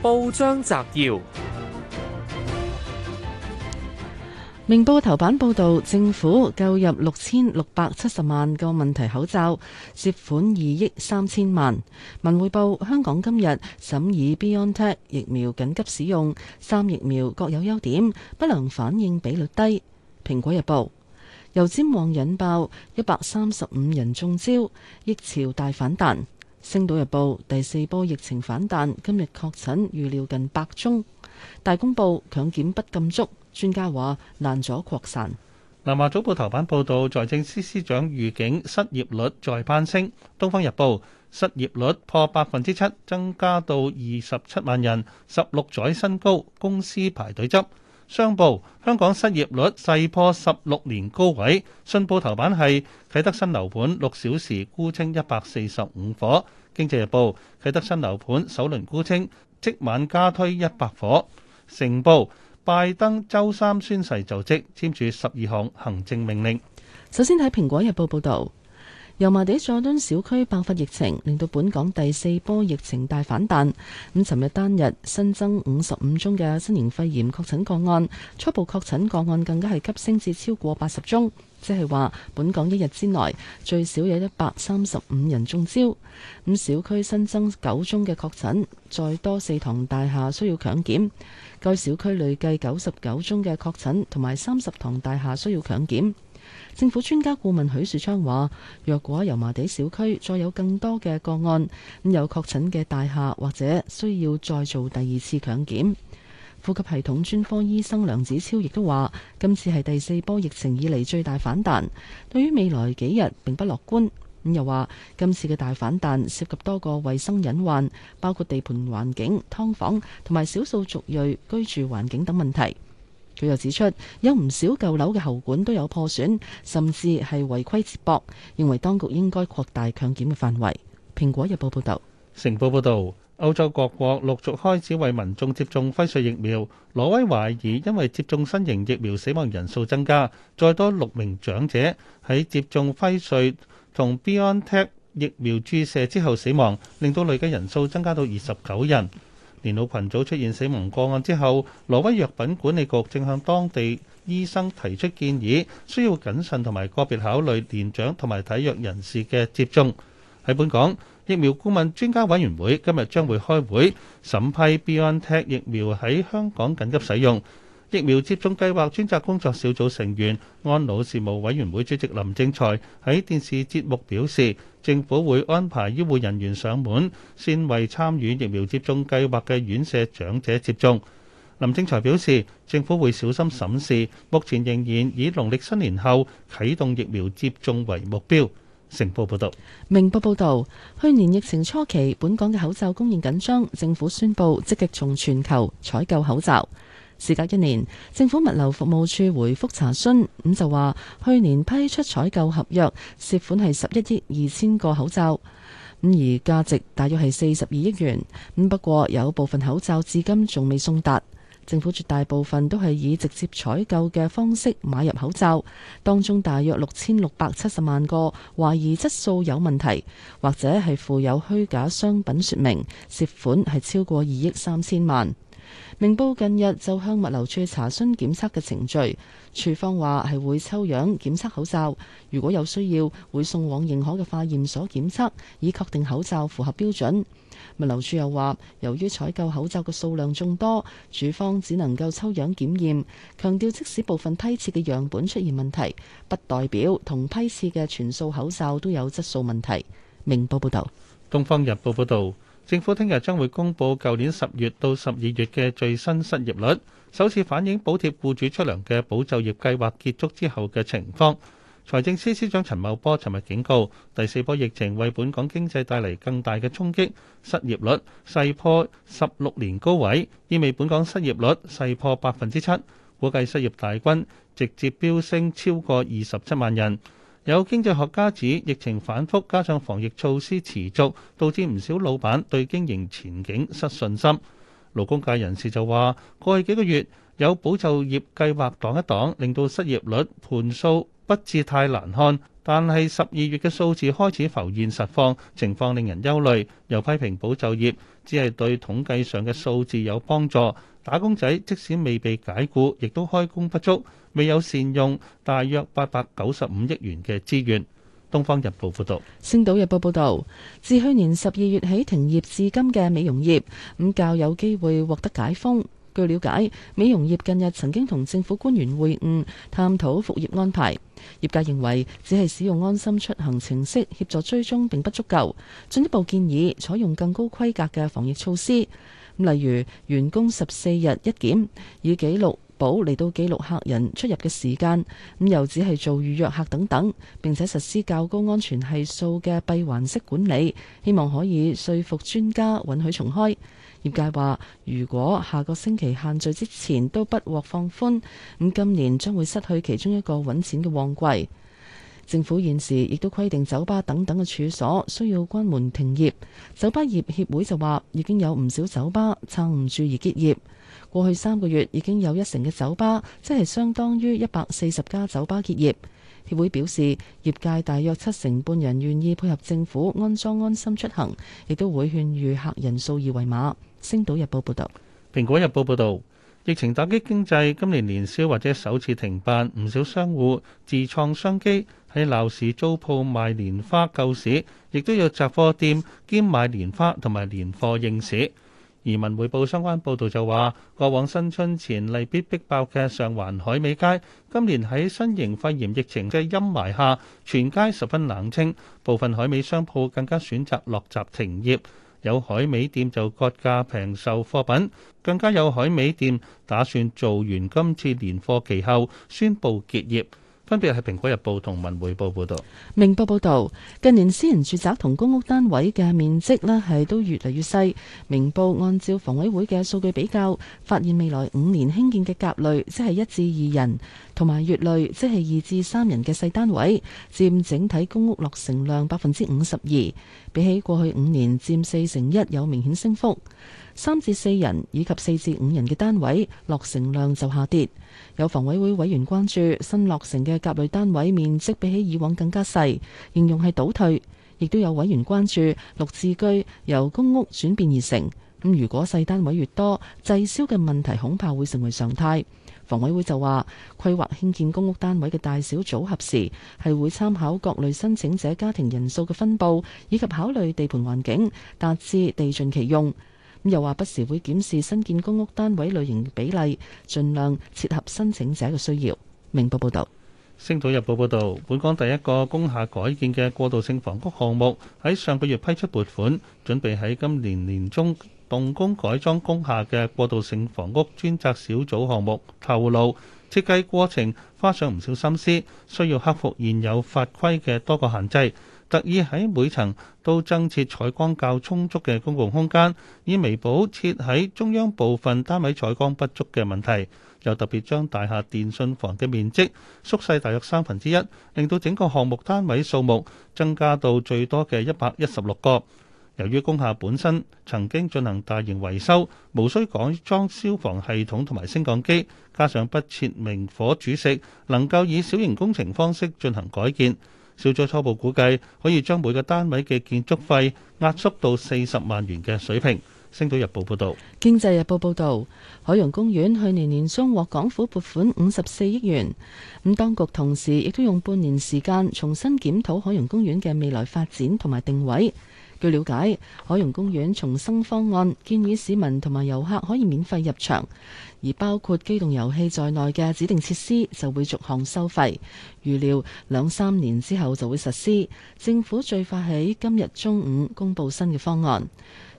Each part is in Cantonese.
報章摘要：明報頭版報道，政府購入六千六百七十萬個問題口罩，涉款二億三千萬。文匯報：香港今日審議 BioNTech 疫苗緊急使用，三疫苗各有優點，不良反應比率低。蘋果日報：油尖旺引爆一百三十五人中招，疫潮大反彈。《星島日報》第四波疫情反彈，今日確診預料近百宗。大公報強檢不禁足，專家話難阻擴散。《南華早報》頭版報道，財政司司長預警失業率再攀升。《東方日報》失業率破百分之七，增加到二十七萬人，十六載新高。公司排隊執。商報香港失業率勢破十六年高位。信報頭版係啟德新樓盤六小時沽清一百四十五伙。經濟日報啟德新樓盤首輪沽清，即晚加推一百伙。成報拜登周三宣誓就職，簽署十二項行政命令。首先睇蘋果日報報道，油麻地佐敦小區爆發疫情，令到本港第四波疫情大反彈。咁，尋日單日新增五十五宗嘅新型肺炎確診個案，初步確診個案更加係急升至超過八十宗。即係話，本港一日之內最少有一百三十五人中招。咁小區新增九宗嘅確診，再多四幢大廈需要強檢。該小區累計九十九宗嘅確診，同埋三十幢大廈需要強檢。政府專家顧問許樹昌話，若果油麻地小區再有更多嘅個案，咁有確診嘅大廈或者需要再做第二次強檢。呼吸系統專科醫生梁子超亦都話：今次係第四波疫情以嚟最大反彈，對於未來幾日並不樂觀。咁又話今次嘅大反彈涉及多個衞生隱患，包括地盤環境、劏房同埋少數族裔居住環境等問題。佢又指出，有唔少舊樓嘅喉管都有破損，甚至係違規接駁，認為當局應該擴大強檢嘅範圍。《蘋果日報》報道。《成報》報道。歐洲各國陸續開始為民眾接種輝瑞疫苗。挪威懷疑因為接種新型疫苗死亡人數增加，再多六名長者喺接種輝瑞同 BioNTech 疫苗注射之後死亡，令到累計人數增加到29。疫苗顧問專家委員會今日將會開會，審批 Biontech 疫苗喺香港緊急使用。疫苗接種計劃專責工作小組成員、安老事務委員會主席林正財喺電視節目表示，政府會安排醫護人員上門，先為參與疫苗接種計劃嘅院舍長者接種。林正財表示，政府會小心審視，目前仍然以農曆新年後啟動疫苗接種為目標。成報報道，明報報道，去年疫情初期，本港嘅口罩供應緊張，政府宣布積極從全球採購口罩。事隔一年，政府物流服務處回覆查詢，咁就話去年批出採購合約，涉款係十一億二千個口罩，咁而價值大約係四十二億元。咁不過有部分口罩至今仲未送達。政府絕大部分都係以直接採購嘅方式買入口罩，當中大約六千六百七十萬個懷疑質素有問題，或者係附有虛假商品說明，涉款係超過二億三千萬。明報近日就向物流處查詢檢測嘅程序，處方話係會抽樣檢測口罩，如果有需要會送往認可嘅化驗所檢測，以確定口罩符合標準。物流處又話，由於採購口罩嘅數量眾多，處方只能夠抽樣檢驗，強調即使部分批次嘅樣本出現問題，不代表同批次嘅全數口罩都有質素問題。明報報道，東方日報報道。政府聽日將會公佈舊年十月到十二月嘅最新失業率，首次反映補貼雇主出糧嘅保就業計劃結束之後嘅情況。財政司司長陳茂波尋日警告，第四波疫情為本港經濟帶嚟更大嘅衝擊，失業率勢破十六年高位，意味本港失業率勢破百分之七，估計失業大軍直接飆升超過二十七萬人。有經濟學家指疫情反覆，加上防疫措施持續，導致唔少老闆對經營前景失信心。勞工界人士就話：過去幾個月有保就業計劃擋一擋，令到失業率，盤數不至太難看。但係十二月嘅數字開始浮現實況，情況令人憂慮。又批評保就業只係對統計上嘅數字有幫助，打工仔即使未被解僱，亦都開工不足。未有善用大約八百九十五億元嘅資源。《東方日報》報道，《星島日報》報道，自去年十二月起停業至今嘅美容業，咁較有機會獲得解封。據了解，美容業近日曾經同政府官員會晤，探討復業安排。業界認為，只係使用安心出行程式協助追蹤並不足夠，進一步建議採用更高規格嘅防疫措施，例如員工十四日一檢，以記錄，保嚟到記錄客人出入嘅時間，咁又只係做預約客等等，並且實施較高安全係數嘅閉環式管理，希望可以說服專家允許重開。業界話，如果下個星期限聚之前都不獲放寬，咁今年將會失去其中一個揾錢嘅旺季。政府現時亦都規定酒吧等等嘅處所需要關門停業，酒吧業協會就話已經有唔少酒吧撐唔住而結業。過去三個月已經有一成嘅酒吧，即係相當於一百四十家酒吧結業。協會表示，業界大約七成半人願意配合政府安裝安心出行，亦都會勸喻客人掃二維碼。星島日報報道。蘋果日報報道，疫情打擊經濟，今年年宵或者首次停辦，唔少商戶自創商機，喺鬧市租鋪賣年花、舊市，亦都有雜貨店兼賣年花同埋年貨應市。而文匯報相關報導就話，過往新春前例必逼爆嘅上環海味街，今年喺新型肺炎疫情嘅陰霾下，全街十分冷清，部分海味商鋪更加選擇落閘停業，有海味店就割價平售貨品，更加有海味店打算做完今次年貨期後宣布結業。分別係《蘋果日報》同《文匯報》報導，《明報》報導近年私人住宅同公屋單位嘅面積呢係都越嚟越細。《明報》按照房委會嘅數據比較，發現未來五年興建嘅甲類，即係一至二人，同埋乙類，即係二至三人嘅細單位，佔整體公屋落成量百分之五十二，比起過去五年佔四成一有明顯升幅。三至四人以及四至五人嘅單位落成量就下跌，有房委會委員關注新落成嘅甲類單位面積比起以往更加細，形容係倒退。亦都有委員關注綠置居由公屋轉變而成，咁如果細單位越多，滯銷嘅問題恐怕會成為常態。房委會就話，規劃興建公屋單位嘅大小組合時係會參考各類申請者家庭人數嘅分佈，以及考慮地盤環境，達至地盡其用。又話不時會檢視新建公屋單位類型比例，盡量切合申請者嘅需要。明報報導，星島日報報道，本港第一個工廈改建嘅過渡性房屋項目喺上個月批出撥款，準備喺今年年中動工改裝工廈嘅過渡性房屋專責小組項目，透露設計過程花上唔少心思，需要克服現有法規嘅多個限制。特意喺每層都增設採光較充足嘅公共空間，以彌補設喺中央部分單位採光不足嘅問題。又特別將大廈電信房嘅面積縮細大約三分之一，令到整個項目單位數目增加到最多嘅一百一十六個。由於工廈本身曾經進行大型維修，無需改裝消防系統同埋升降機，加上不設明火煮食，能夠以小型工程方式進行改建。小組初步估計，可以將每個單位嘅建築費壓縮到四十萬元嘅水平。星島日報報道。經濟日報報道，海洋公園去年年中獲港府撥款五十四億元，咁當局同時亦都用半年時間重新檢討海洋公園嘅未來發展同埋定位。據了解，海洋公園重生方案建議市民同埋遊客可以免費入場，而包括機動遊戲在內嘅指定設施就會逐項收費。預料兩三年之後就會實施。政府最快喺今日中午公布新嘅方案。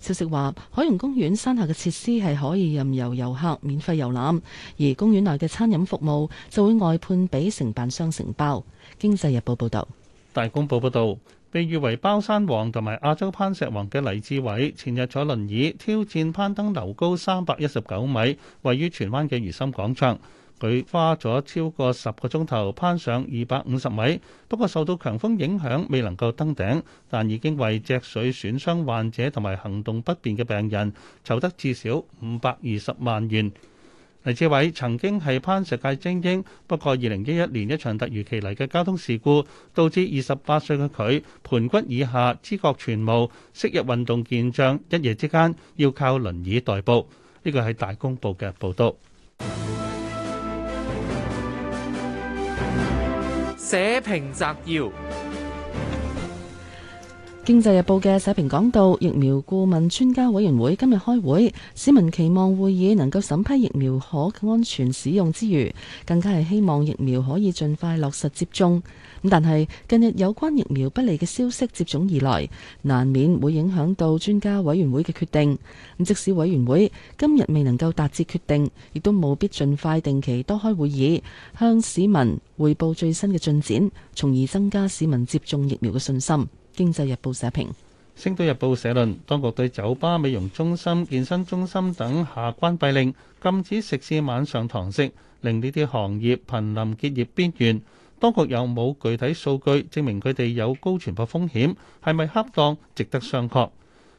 消息話，海洋公園山下嘅設施係可以任由遊客免費遊覽，而公園內嘅餐飲服務就會外判俾承辦商承包。經濟日報報道，大公報報道。被譽為包山王同埋亞洲攀石王嘅黎志偉，前日坐輪椅挑戰攀登樓高三百一十九米，位於荃灣嘅如心廣場。佢花咗超過十個鐘頭攀上二百五十米，不過受到強風影響，未能夠登頂，但已經為脊髓損傷患者同埋行動不便嘅病人籌得至少五百二十萬元。黎志偉曾經係攀石界精英，不過二零一一年一場突如其來嘅交通事故，導致二十八歲嘅佢盤骨以下知覺全無，昔日運動健將一夜之間要靠輪椅代步。呢、這個係大公報嘅報道。社評摘要。《經濟日報》嘅社評講到，疫苗顧問專家委員會今日開會，市民期望會議能夠審批疫苗可安全使用之餘，更加係希望疫苗可以盡快落實接種。咁但係近日有關疫苗不利嘅消息接踵而來，難免會影響到專家委員會嘅決定。咁即使委員會今日未能夠達至決定，亦都務必盡快定期多開會議，向市民匯報最新嘅進展，從而增加市民接種疫苗嘅信心。《經濟日報》社評，《星島日報》社論：當局對酒吧、美容中心、健身中心等下關閉令，禁止食肆晚上堂食，令呢啲行業瀕臨結業邊緣。當局有冇具體數據證明佢哋有高傳播風險？係咪恰當？值得商榷。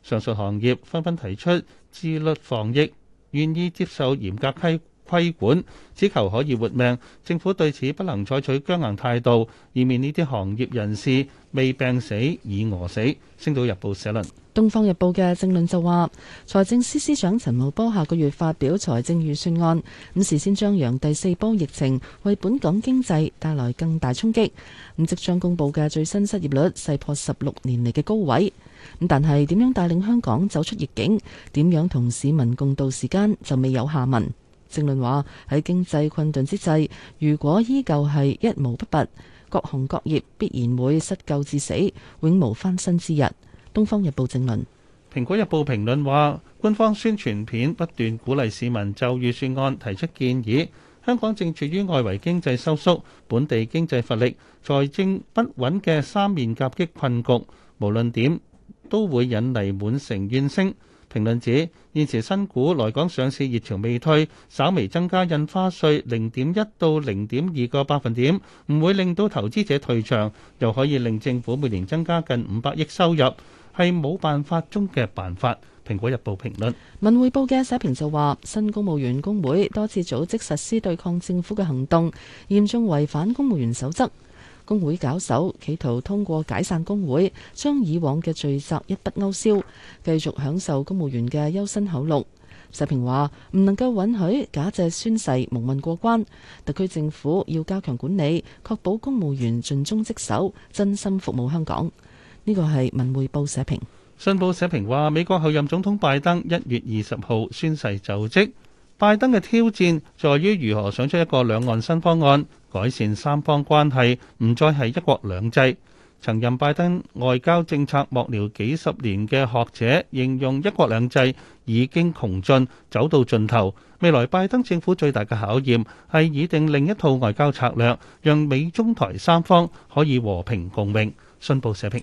上述行業紛紛提出自律防疫，願意接受嚴格規管。規管只求可以活命，政府對此不能採取僵硬態度，以免呢啲行業人士未病死已餓死。《星島日報》社論，東方日報嘅政論就話，財政司司長陳茂波下個月發表財政預算案，事先張揚第四波疫情為本港經濟帶來更大衝擊，咁即將公布嘅最新失業率，勢破十六年嚟嘅高位。咁但係點樣帶領香港走出逆境，點樣同市民共度時間就未有下文。正論話喺經濟困頓之際，如果依舊係一毛不拔，各行各業必然會失救致死，永無翻身之日。《東方日報》正論，《蘋果日報》評論話，官方宣傳片不斷鼓勵市民就預算案提出建議。香港正處於外圍經濟收縮、本地經濟乏力、財政不穩嘅三面夾擊困局，無論點都會引嚟滿城怨聲。評論指，現時新股來港上市熱潮未退，稍微增加印花稅零點一到零點二個百分點，唔會令到投資者退場，又可以令政府每年增加近五百億收入，係冇辦法中嘅辦法。《蘋果日報》評論。《文匯報》嘅社評就話，新公務員工會多次組織實施對抗政府嘅行動，嚴重違反公務員守則。工會搞手，企圖通過解散工會，將以往嘅罪責一筆勾銷，繼續享受公務員嘅優薪厚祿。社評話唔能夠允許假借宣誓蒙混過關，特區政府要加強管理，確保公務員盡忠職守，真心服務香港。呢、這個係文匯報社評。信報社評話，美國候任總統拜登一月二十號宣誓就職。拜登嘅挑戰在於如何想出一個兩岸新方案，改善三方關係，唔再係一國兩制。曾任拜登外交政策幕僚幾十年嘅學者形容，一國兩制已經窮盡，走到盡頭。未來拜登政府最大嘅考驗係擬定另一套外交策略，讓美中台三方可以和平共榮。信報社評。